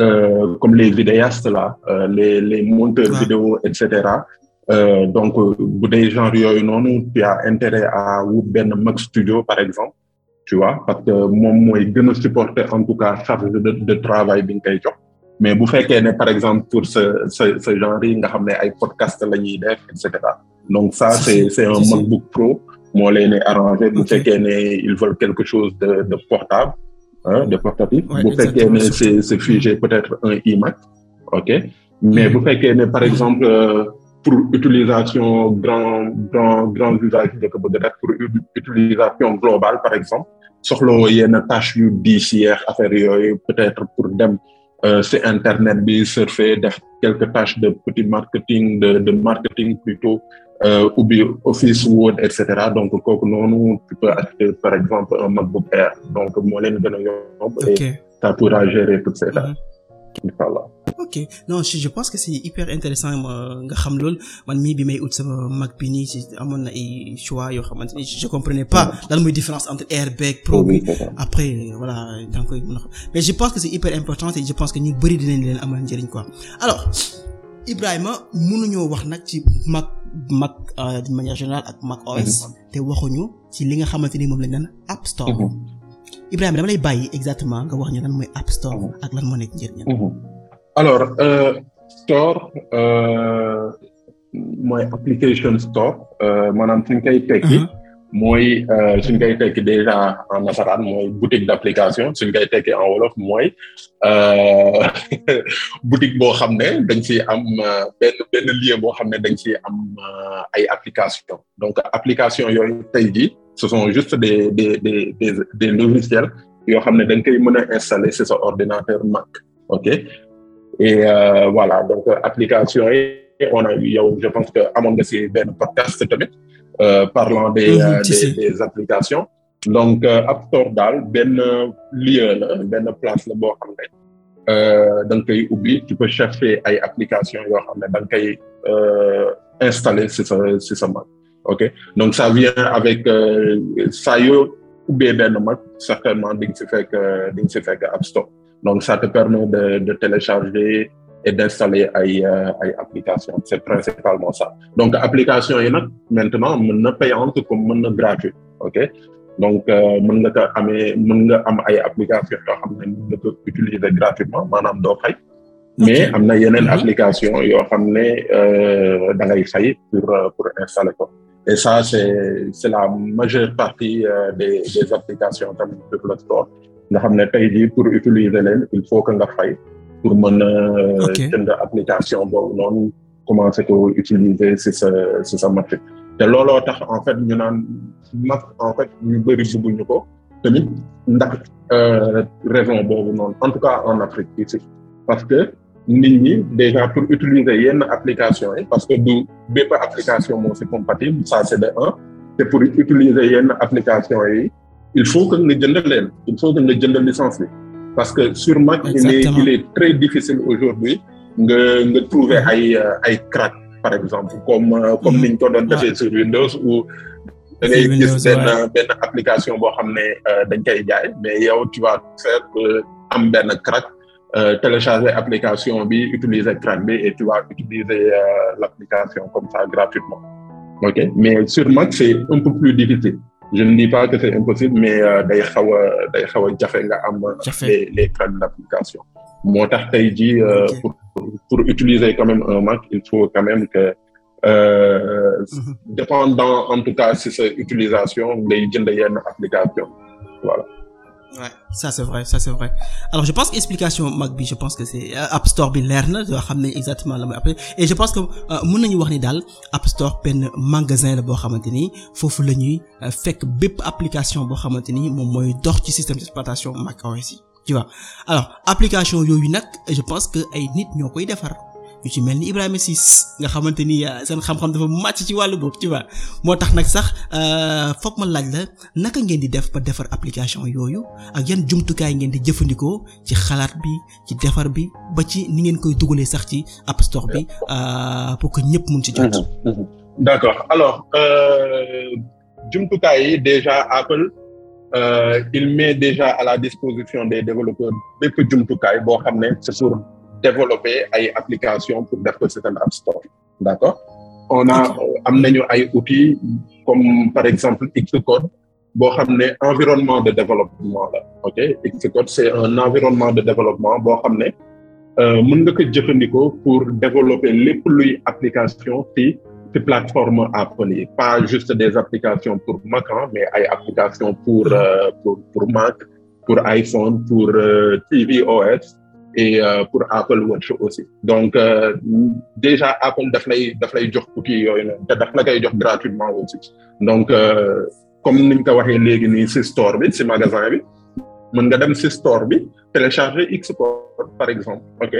euh, comme les vidéastes la euh, les les monteurs vidéo et cetera euh, donc bu dee genre yooyu noonu tu as a à wut benn Mac Studio par exemple tu vois parce que moom mooy gën a supporter en tout cas charge de de travail bi nga koy jox mais bu fekkee ne par exemple pour ce ce ce genre yi nga xam ne ay podcast la ñuy def et cetera donc ça c'est c'est un MacBook Pro moo leen di arrangé bu fekkee ne ils veulent quelque chose de de portable hein, de portatif bu fekkee ne c'est c'est figé peut-être un iMac ok mais mm-hmm. bu fekkee ne par exemple euh, pour utilisation grand grand grand usage de nga ko bëgg def pour utilisation globale par exemple soxlawoo a tâche yu diis yeex affaire yooyu peut-être pour dem euh, si internet bi surfer def quelques tâches de petit marketing de de marketing plutôt ubbi euh, office donc kooku noonu moo leen gën a yomb. ok et ça pourra gérer tout ça. Mhm. incha allah. ok non je pense que c'est hyper intéressant euh, nga xam loolu man mii bi may ut sama mag bi nii amoon na ay choix yoo xamante ni je comprenais pas mhm. lan mooy différence entre airbag pro bi mhm. après voilà da nga koy mën a mais je pense que c'est hyper important et je pense que ñu bëri dinañ leen amal njëriñ quoi alors Ibrahima mënuñoo wax nag ci mag. Mac euh, d'une manière générale ak Mac OS. Mm-hmm. te waxuñu ci li nga xamante ni moom lañ naan App Store. Mm-hmm. Ibrahima dama lay bàyyi exactement nga wax ñu lan mooy App Store mm-hmm. ak lan moo nekk njëriñam. alors euh, store euh, mooy application store maanaam suñ koy tekki. mooy euh, suñ koy tekki déjà en nasaraan mooy boutique d'application suñ koy tekki en wolof mooy euh, [laughs] boutique boo xam ne dañ ci am euh, benn benn lien boo xam ne dañ ci am ay application donc application yooyu tey jii ce sont juste des des des des logiciels yoo xam ne dañ koy mën a installer ci sa ordinateur Mac ok et euh, donc application yi on a yow je pense que amoon nga ci benn podcast tamit Euh, parlant des, mmh, des, des applications donc euh, App Store daal benn lieu la benn place la boo xam ne da nga koy ubbi tu peux chercher ay applications yoo xam ne da nga koy installer si sa si sa Mac ok donc ça vient avec saa yoo ubbee benn mag certainement di nga si fekk di nga si fekk App Store donc ça te permet de télécharger et d'installer ay euh, ay application c'est principalement ça donc application yi nag maintenant mën na payante comme mën na gratuite ok donc euh, mën nga ko amee mën nga am ay application yoo xam ne mën nga utiliser gratuitement maanaam doo fay mais am na yeneen mhm. application yoo xam ne euh, da ngay fay pour pour installer ko et ça c'est c'est la des des applications tamit sur nga xam ne tey jii pour utiliser leen il faut que nga fay pour mën a jënd application boobu noonu commencé ko utiliser si sa si sa matric te looloo tax en fait ñu naan mat en fait ñu bëri bëgguñu ko tamit ndax euh, raison boobu noonu en tout cas en Afrique ici parce que nit ñi déjà pour utiliser yenn application yi parce que du bépp application moo si compatible ça c'est de un te pour utiliser yenn application yi il faut que nga jënd leen il faut que nga jënd licence bi parce que sur Mac il est, il est très difficile aujourd'hui nga nga trouver mm-hmm. ay euh, ay crack par exemple comme euh, comme mm-hmm. niñ ko doon defee sur Windows ou da ngay gis benn application boo xam ne euh, dañ koy jaay mais yow tu vas am benn crack Euh, télécharger application bi utiliser crack bi et tu vas utiliser euh, l'application comme ça gratuitement ok mais sur Mac un peu plus difficile je ne dis pas que c'est impossible mais euh, day xaw a day xaw a jafe nga am. Euh, les les crans d'application. moo tax tey jii euh, pour pour utiliser quand même un Mac il faut quand même que. Euh, mhm. dépendant en tout cas si sa utilisation ngay jënd yenn application Ouais. ça c'est vrai ça c'est vrai alors je pense que explication mag bi je pense que c'est euh, bi leer na yoo xam ne exactement la mooy après et je pense que euh, mën nañu wax ni daal App Store benn magasin la boo xamante ni foofu la euh, fekk bépp application boo xamante ni moom mooy dox ci système d'exploitation macOS yi tu vois alors application yooyu nag je pense que ay nit ñoo koy defar. yu ci mel ni Ibrahima Ciss nga xamante ni euh, seen xam-xam dafa màcc ci wàllu boobu tu vois moo tax nag sax euh, foog ma laaj la naka ngeen di def ba defar application yooyu ak yan jumtukaay ngeen di jëfandikoo ci xalaat bi ci defar bi ba ci ni ngeen koy dugalee sax ci App Store bi euh, pour ñëpp mun ci jot. Mhm, mhm. d'accord alors jumtukaay yi déjà Apple. Euh, il met déjà à la disposition des développeurs bépp jumtukaay boo xam ne c'est pour développer ay application pour def ko certain d' accord on a am nañu ay outils comme par exemple Xcode boo xam ne environnement de développement la ok Xcode c' est un environnement de développement boo xam ne euh, mën nga jëfandikoo pour développer lépp luy application ci ci plateforme Apple yi pas juste des applications pour Mac mais ay applications pour euh, pour pour Mac pour iPhone pour euh, tvOS e pour Apple Watch aussi donc euh, déjà Apple daf lay daf lay jox outil yooyu noonu te daf la koy jox gratuitement aussi donc euh, comme niñ ko waxee léegi nii si store bi si magasin bi mën nga dem si store bi télécharger Xcode par exemple ok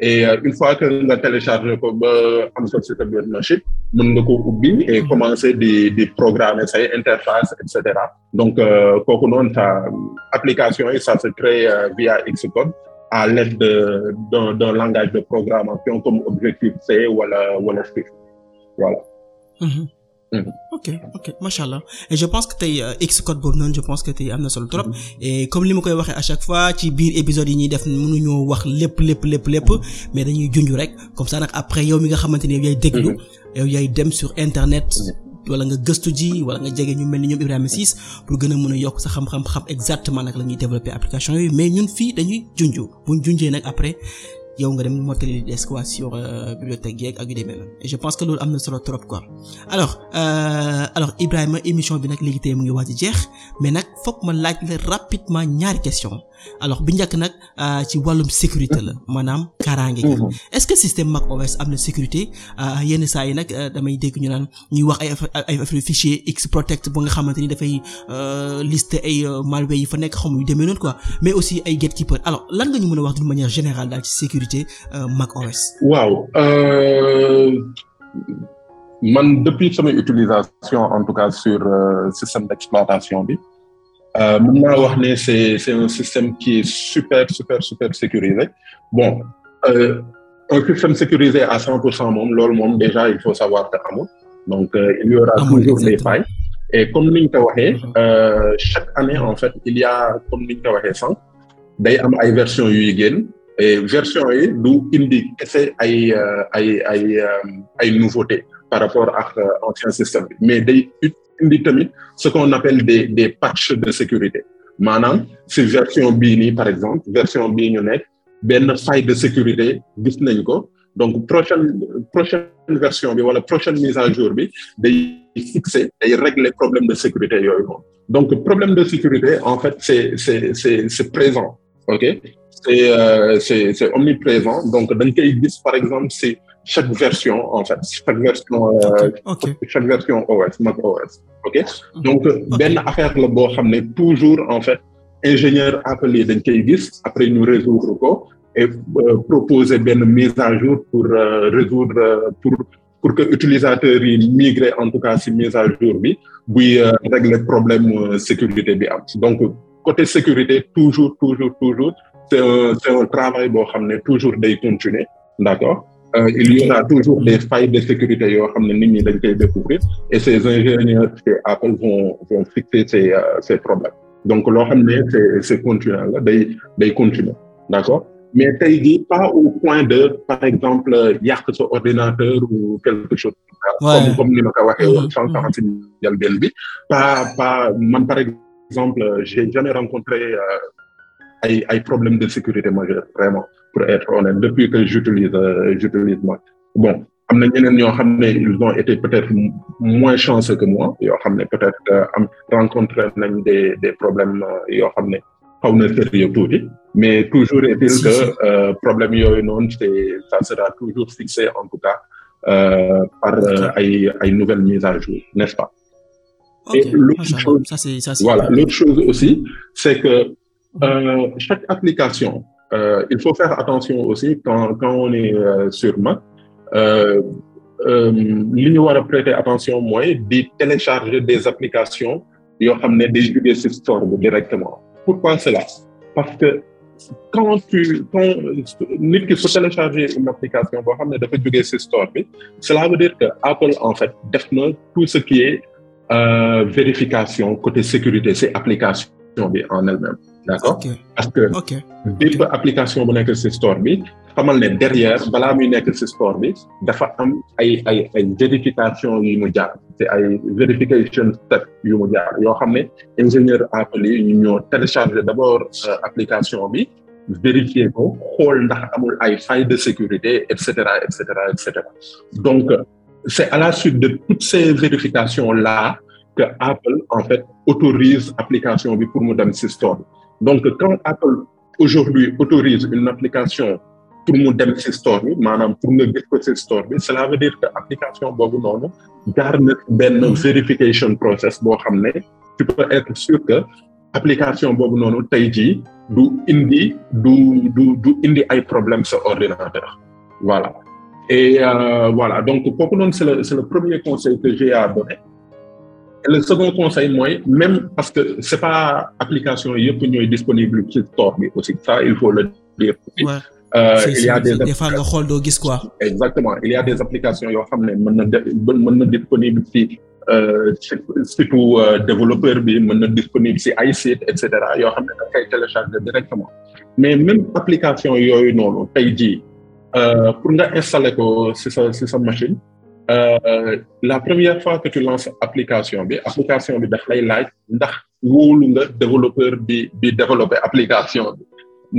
et une fois que nga télécharger ko ba am ko si sa biir nga ko ubbi et mm-hmm. commencer di di programmer say interface et cetera donc kooku noonu sa application yi ça se crée via Xcode à l'aide d'un langage de programmation comme objectif C wala wala C voilà. Mmh. Mmh. ok je pense que tey euh, Xcode boobu je pense que tey am na solo trop mm-hmm. comme li ma koy waxee à chaque fois ci biir épisode yi ñuy def mënuñoo wax lép lépp lépp lépp mm-hmm. mais dañuy junj rek comme ça nag après yow mi nga xamante ni yow yaay déglu mm-hmm. yow yaay dem sur internet wala nga gëstu ji wala nga jege ñu mel ni ñoom Ibrahima Ciss pour gën a mën a yokk sa xam-xam xam exactement nag la ñuy développer application yooyu mais ñun fii dañuy junj buñ junjee nag après yow nga dem mottali des quoi sur euh, bibliothèque yeeg ak yu demee noonu je pense que loolu am na solo trop quoi alors euh, alors Ibrahima émission bi nag léegi tey mu ngi waaj a jeex mais nag fokk ma laaj la rapidement ñaari question alors bi njëkk nag euh, ci wàllum sécurité la maanaam kaaraange mhm. est-ce que système Mac OS am na sécurité euh, yenn saa yi nag euh, damay dégg ñu naan ñuy wax ay ay affaire fichier X protect bu nga xamante ni dafay liste ay malware yi fa nekk xam yu demee noonu quoi mais aussi ay gatekeeper alors lan nga ñu mën a wax d'une manière général daal ci sécurité Mac OS. waaw man depuis samay utilisation en tout cas sur système d'exploitation bi. Euh, mën naa wax ne c'est c'est un système qui est super super super sécurisé bon euh, un système sécurisé à cent pour cent moom loolu moom déjà il faut savoir que amul donc euh, il y aura ah, toujours des failles et comme ni ñu ko waxee mhm. euh, chaque année en fait il y comme ni ñu ko waxee day am ay versions yuy génn et version yi du indi kese ay euh, ay ay ay nouveauté par rapport ak euh, ancien système mais day indi tamit ce qu'on appelle des des de sécurité maanaam si version bii nii par exemple version bii ñu nekk benn faille de sécurité gis nañ ko donc prochaine prochaine version bi wala prochaine mise à jour bi day fixer day régler problème de sécurité yooyu moom donc problème de sécurité en fait c'est c'est c'est c'est présent ok c'est euh, c'est c'est omniprésent donc dañ koy par exemple si chaque version en fait chaque version. Euh, okay. OS Mac OS. ok donc euh, benn affaire la boo xam ne toujours en fait ingénieur Apple yi dañ koy gis après ñu résoudre ko et euh, proposer benn mise à jour pour euh, résoudre euh, pour pour que utilisateurs yi migrer en tout cas si mise à jour bi buy régler problème sécurité bi am donc côté sécurité toujours toujours toujours c'est un travail boo xam ne toujours day continuer d'accord. Euh, il y aura toujours des failles de sécurité yoo xam ne nit ñi dañ koy découvrir et ces ingénieurs chez Apple vont fixer euh, ces problèmes donc loo xam ne c'est c'est continuel la day day continuer d'accord mais tey jii pas au point de par exemple yàq sa ordinateur ou quelque chose comme comme ni ma ko waxee woon mm-hmm. sànqal si njëlbeen bi pas pas man par exemple j'ai jamais rencontré euh, ay ay problèmes de sécurité majeurs vraiment pour être honnête depuis que j'utilise euh, j'utilise Mac bon am na ñeneen ñoo xam ne ils ont été peut-être moins chanceux que moi yoo xam ne peut-être euh, am rencontré nañ des des problèmes euh, yoo xam ne xaw na sérieux tuuti mais toujours problème yooyu noonu c'est ça sera toujours fixé en tout cas euh, par ay ay nouvelles mises à jour n'est-ce pas et l'autre chose voilà aussi c'est que mm-hmm. chaque application Euh, il faut faire attention aussi quand, quand on est euh, sur Mac. Euh, euh, li ñu war a prêter attention mooy di télécharger des applications yoo xam ne day jógee sur store bi directement. pourquoi cela parce que quand tu quand nit ki su télécharger une application boo xam ne dafa jógee sur store bi cela veut dire que Apple en fait def na tout ce qui est euh, vérification côté sécurité c'est application bi en elle-même. d'accord parce que bépp application bu nekk ci bi xamal ne derrière balaa muy nekk ci bi dafa am ay ay ay vérification yu mu jaar te ay verification step mu jaar yoo xam ne ingénieur Apple yi ñu ñoo télécharger d'abord euh, application bi vérifier ko xool ndax amul ay failles de sécurité et cetera et cetera donc c'est à la suite de toutes ces vérifications là que Apple en fait autorise application bi pour mu dem ci store bi donc quand Apple aujourd'hui autorise une application pour mu dem ci store maanaam pour nga gis ko ci store bi cela veut dire que application boobu noonu jaar na benn vérification process boo xam ne tu peux être sûr que application boobu noonu tey jii du indi du du du indi ay problème sa ordinateur voilà et euh, voilà donc kooku noonu c'est le premier conseil que j'ai à le second conseil mooy même parce que c'est pas application yëpp ñooy disponible ci store bi aussi ça il faut le dire. Euh, a si, des fois nga xool doo gis quoi. exactement il y a des applications yoo xam ne mën na mën na disponible ci euh, surtout euh, développeur bi mën na disponible ci ay site et cetera yoo xam ne da koy télécharger directement mais même application yooyu noonu tey jii pour nga installer ko ci sa ci sa machine. Euh, la première fois que tu lances application bi application bi daf lay laaj ndax wóolu nga développeur bi bi développer application bi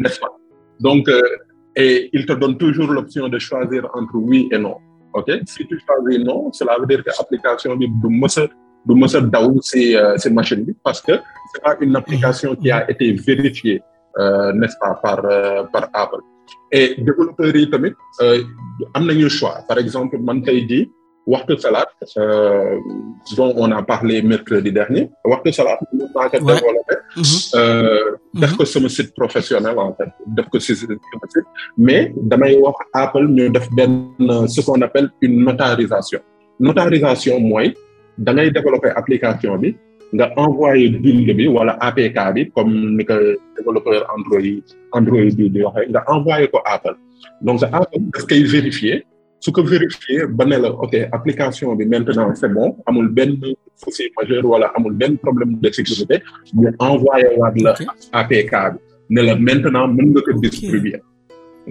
n'est-ce pas donc euh, et il te donne toujours l'option de choisir entre oui et non ok si tu choisis non cela veut dire que application bi du mës a du a daw si euh, si machine bi parce que c'est pas une application qui a été vérifiée euh, n'est-ce pas par euh, par Apple e développeurs yi tamit euh, am nañu choix par exemple man tey jii waxtu salaat euh, dont on a parlé mercredi dernier waxtu salaat mën naa ko développé mhm. euh, def ko mhm. sama site professionnel en fait def ko si sama site mais damay wax Apple ñu def benn ce qu'on appelle une notarisation notarisation mooy da ngay développé application bi nga envoyé build bi wala APK bi comme ni ko développeur Android Android bi di waxee nga envoyé ko Apple donc sa Apple daf vérifier su ko vérifier ba ne la ok application bi maintenant c'est bon amul benn souci majeur wala amul benn problème de sécurité ñu envoyé waat APK bi ne la maintenant mën nga ko distribuer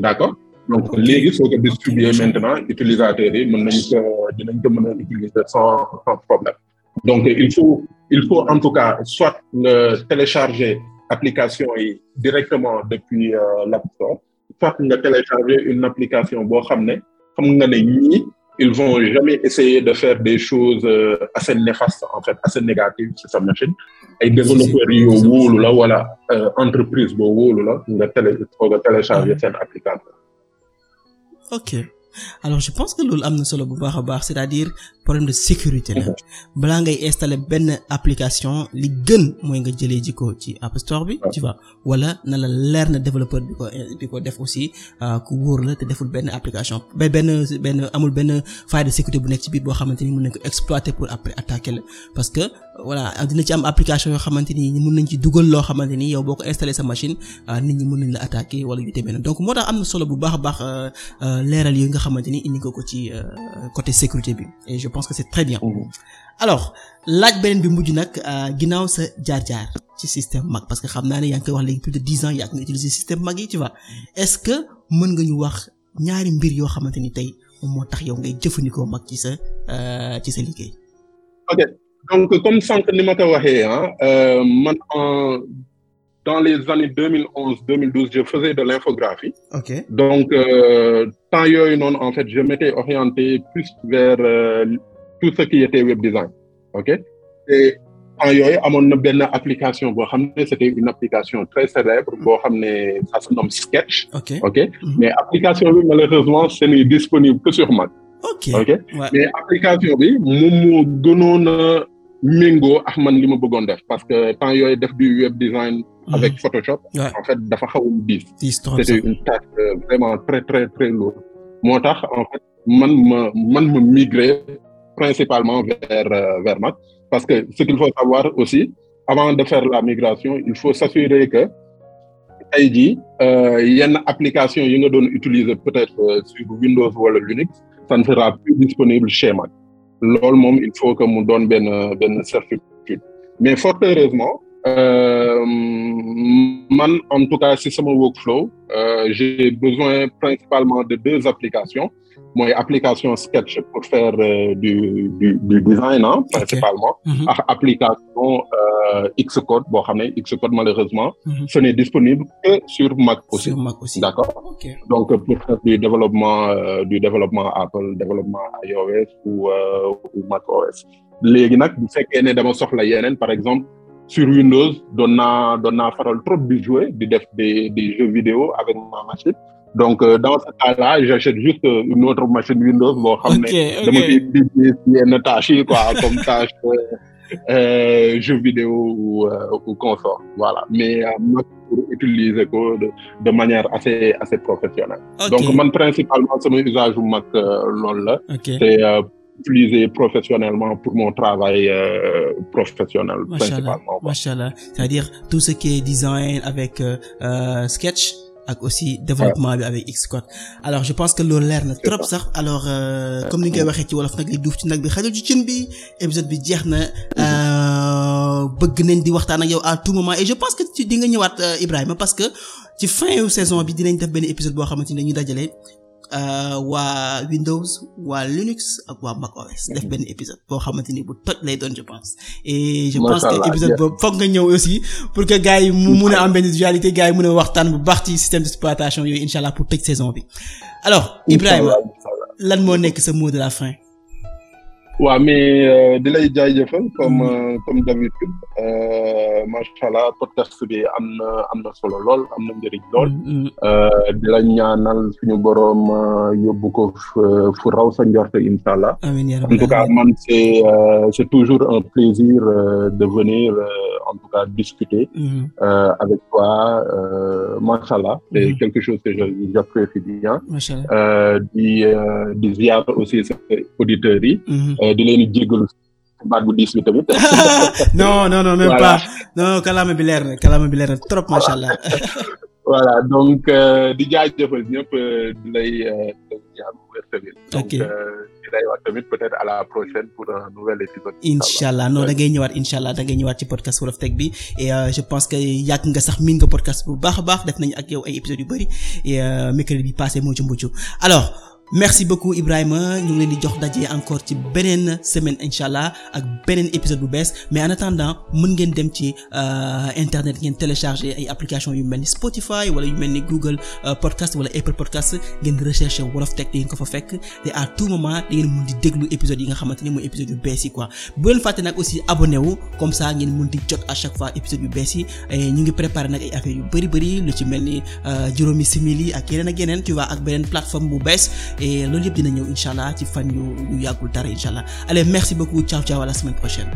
d'accord donc léegi soo ko distribuer maintenant utilisateurs yi mën nañu ko dinañ ko mën a utiliser sans sans problème donc il faut il faut en tout cas soit nga télécharger application yi directement depuis euh, l'App Store soit nga télécharger une application boo xam ne xam nga ne ñii ils vont jamais essayer de faire des choses euh, assez néfastes assez négatives sur sa machine ay développeurs yu wóolu la wala euh, entreprise boo wóolu la nga télé nga télécharger seen application ok alors je pense que loolu am na solo bu baax a baax c'est-à-dire problème de sécurité la mhm. balaa ngay installer benn application li gën mooy nga jëlee ji ko ci App Store bi tu vois wala na la leer na développeur bi ko bi ko def aussi euh, ku wóor la te deful benn application ba benn benn amul benn faille de sécurité bu nekk ci biir boo xamante ni mën nañ ko pour après attaquer la parce que voilà dina ci am application yoo xamante ni mën nañ ci dugal loo xamante ni yow boo ko installer sa machine euh, nit ñi mën nañ la attaquer wala yu demee noonu donc moo tax am na solo bu baax baax euh, leeral yooyu nga xamante ni indi nga ko ci côté sécurité bi pense que c'est très bien. Mhm. alors laaj beneen bi mujj nag euh, ginnaaw sa jaar-jaar ci système mag parce que xam naa ne yaa ngi koy wax léegi plus de dix ans yaa ngi utiliser système mag yi tu vois est-ce que mën nga ñu wax ñaari mbir yoo xamante ni tey moo tax yow ngay jëfandikoo mag ci sa euh, ci sa liggéey. ok dans les années 2011 2012 je faisais de l'infographie ok donc euh, temps yooyu noonu en fait je m'étais orienté plus vers euh, tout ce qui était web design ok et temps yooyu amoon na benn application boo xam ne c'était une application très célèbre boo xam ne ça se nomme Sketch ok, mhm. mais application bi malheureusement ce n'est disponible que sur Mac ok, mais application bi moom moo gënoon méngoo ak man li ma bëggoon def parce que temps yooyu def bi web design mhm. avec Photoshop fait dafa xawul diis c'était une tâche euh, vraiment très très très lourde moo tax en fait man ma man ma migrer principalement vers euh, parce que ce qu'il faut savoir aussi avant de faire la migration il faut s'assurer que tey jii euh, yenn application yi nga doon utiliser peut-être sur Windows wala Linux ça sera plus disponible chez Mac loolu moom il faut que mu doon benn benn certitude mais fort heureusement euh, man en tout cas si sama workflow euh, j'ai besoin principalement de deux applications mooy application sketch pour faire euh, du design principalement mhm. ah, application euh, Xcode boo xam ne Xcode malheureusement mm -hmm. ce n'est disponible que sur Mac aussi d'accord donc pour faire du développement euh, du développement Apple développement iOS ou euh, ou Mac OS léegi nag bu fekkee ne dama soxla yeneen par exemple sur Windows doon naa doon naa faral trop di jouer di def des jeux vidéo avec ma machine donc euh, dans ce cas-là juste euh, une autre machine Windows boo xam ne dama koy bindee si yenn tâches yi quoi [laughs] comme tâche euh, vidéo ou, euh, consort mais euh, Mac pour utiliser ko de, de manière assez professionnelle donc man principalement sama usage bu Mac loolu la c'est utilisé professionnellement pour mon travail euh, professionnel. Machallah, principalement. Machallah. C'est-à-dire tout ce qui est design avec euh, Sketch ak aussi développement bi avec Xcode alors je pense que loolu leer na trop sax alors euh, comme ni ñu koy waxee ci wolof nag li duuf ci nag bi xajul ci cin bi épisode bi jeex na euh, bëgg nañ di waxtaan ak yow à tout moment et je pense que di nga ñëwaat euh, Ibrahima parce que ci fin saison bi dinañ def benn épisode boo xamante ni dañuy dajalee Euh, waa Windows waa Linux ak waa Mac OS mhm. def benn épisode boo xamante ni bu toj lay doon je pense. et je pense que épisode boobu foog nga ñëw aussi pour que gars yi mu mun a am benn dualité gars yi mun a waxtaan bu baax ci système d'exploitation yooyu incha allah pour tëj saison bi. alors Ibrahima lan moo nekk sa mot de la fin. waaw mais euh, di lay jaajëfal comme mm. euh, comme d'habitude euh, macha allah podcast bi am na am na solo lool am na njëriñ lool. Mm, mm. di la ñaanal suñu borom yóbbu ko fu raw sa njort incha allah. en tout cas man c'est c'est toujours un plaisir de venir en tout cas discuter. avec toi macha allah. quelque chose que j'apprécie bien. macha allah di di ziar aussi sa auditeurs Eh, di leen jéggalu baat bu diis bi tamit. [laughs] non bi leer na kàllaama bi leer na trop macha allah. [laughs] voilà donc euh, di jaajëfal ñëpp euh, euh, di lay ñaan wér-wér. ok di lay wax tamit peut-être à la prochaine pour un nouvel épisode. incha allah non ngay ñëwaat incha allah da ñëwaat ci podcast Wolof Tech bi et je pense que yàgg nga sax miin nga podcast bu baax baax def nañu ak yow ay épisodes yu bëri et mercredi bi passé moo ci mujj alors. merci beaucoup Ibrahima ñu ngi leen di jox daje encore ci beneen semaine incha allah ak beneen épisode bu bees mais en attendant mën ngeen dem ci euh, internet ngeen télécharger ay application yu mel ni Spotify wala yu mel ni Google euh, podcast wala Apple podcast ngeen recherche Wolof Tech di ngeen ko fa fekk te à tout moment di ngeen mën di déglu épisode yi nga xamante ni mooy épisode yu bees yi quoi bu leen fàtte nag aussi abonné comme ça ngeen mën di jot à chaque fois épisode yu bees yi ñu ngi préparé nag yu bëri bëri lu ci mel ni euh, juróomi simili ak ak yeneen tu vois ak beneen plateforme bu bees loolu yëpp dina ñëw incha allah ci fan yu yu yàggul dara incha allah allez merci beaucoup ciao ciao à la semaine prochaine.